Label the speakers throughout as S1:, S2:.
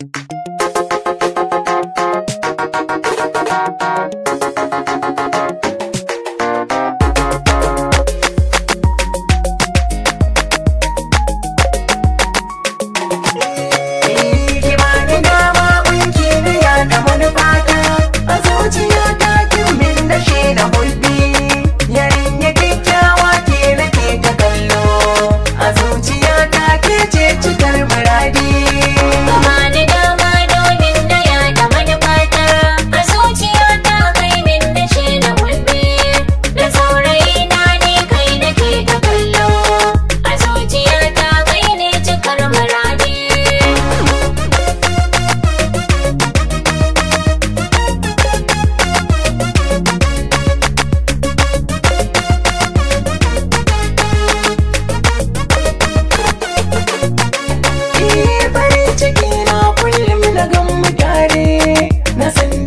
S1: ¡Suscríbete al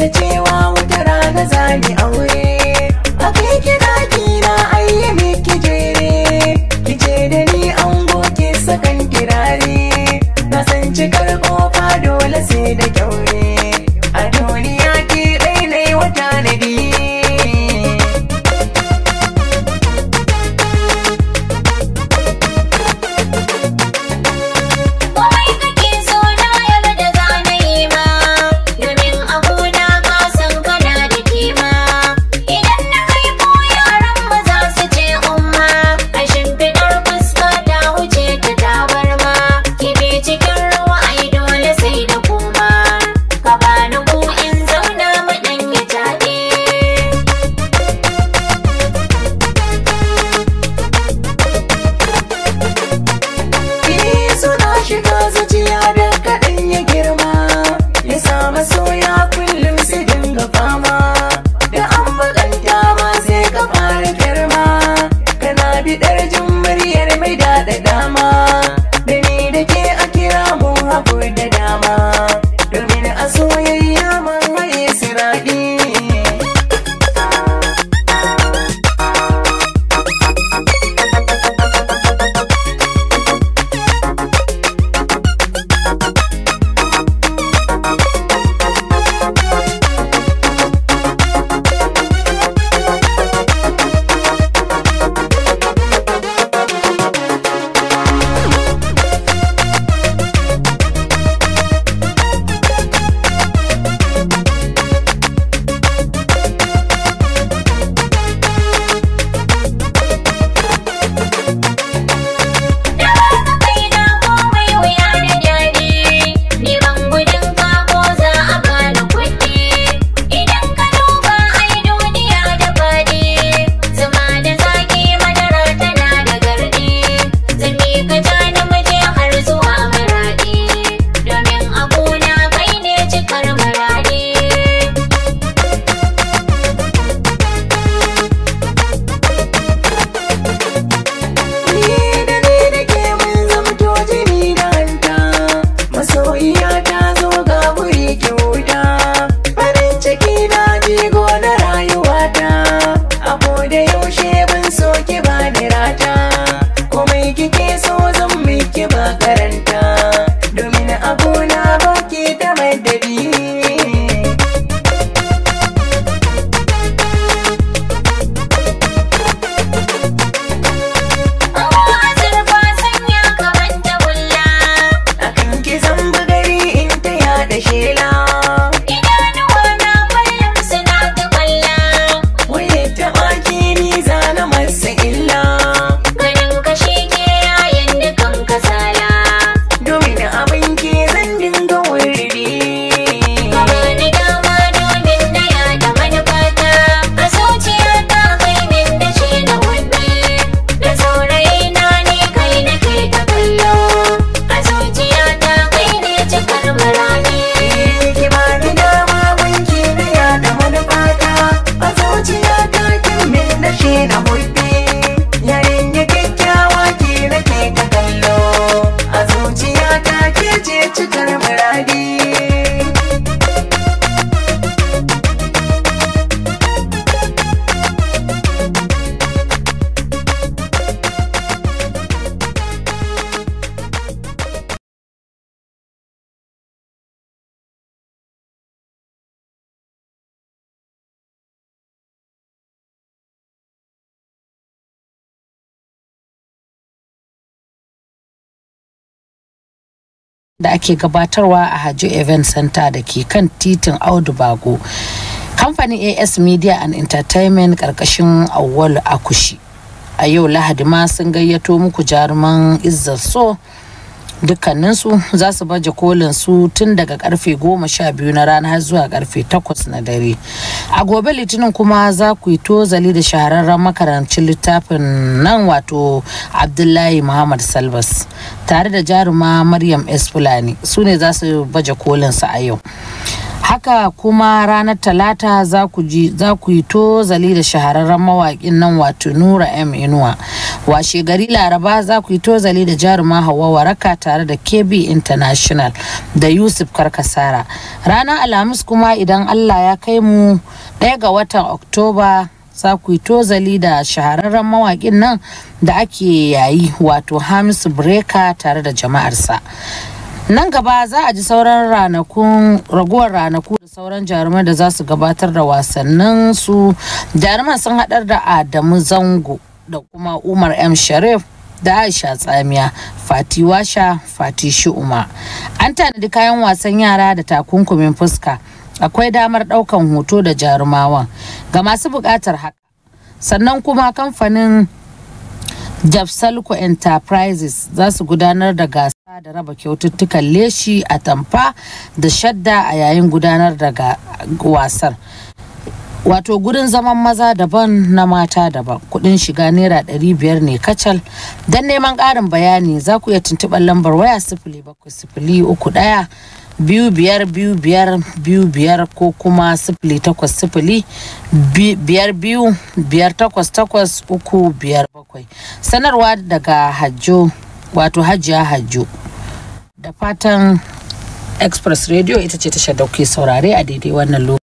S2: da cewa
S3: da ake gabatarwa a Hajo Event Center da ke kan titin Audu Bago. Kamfanin AS Media and Entertainment ƙarƙashin Awwalu Akushi. A yau Lahadi ma sun gayyato muku jaruman Izzar So. dukkaninsu za su baje kolin su tun daga karfe goma sha biyu na rana har zuwa karfe takwas na dare a gobe litinin kuma za ku yi tozali da shahararren makarancin littafin nan wato abdullahi muhammad salbas tare da jaruma maryam s fulani su ne za su baje kolin su a yau haka kuma ranar talata za ku yi to zali da shahararren mawaƙin nan wato nura m inuwa washe gari laraba za ku yi to zali da jaruma hawa waraka tare da kb international da yusuf karkasara ranar alhamis kuma idan allah ya kai mu ɗaya ga watan oktoba za ku yi tozali da shahararren mawaƙin nan da ake yayi wato hamisu breka tare da jama'arsa nan gaba za a ji sauran ranakun raguwar ranaku da sauran jaruman da za su gabatar da wasannin su jaruman sun haɗar da adamu zango da kuma umar m sharif da aisha tsamiya fati washa fati shi'uma an tanadi kayan wasan yara da takunkumin fuska akwai damar ɗaukan hoto da jarumawan ga masu buƙatar haka sannan kuma kamfanin jafsalko Enterprises za su gudanar da gasa da raba kyaututtukan leshi a tamfa da shadda a yayin gudanar daga wasar wato gurin zaman maza daban na mata daban kudin shiga naira 500 ne kacal don neman ƙarin bayani za ku iya tuntuɓar lambar waya sifili bakwai sifili uku ɗaya biyu biyar biyu biyar biyu biyar ko kuma sifili takwas sifili biyar biyu biyar takwas takwas uku biyar bakwai sanarwa daga hajjo wato hajiya hajjo da fatan express radio ita ce tashar da saurare a daidai wannan lokaci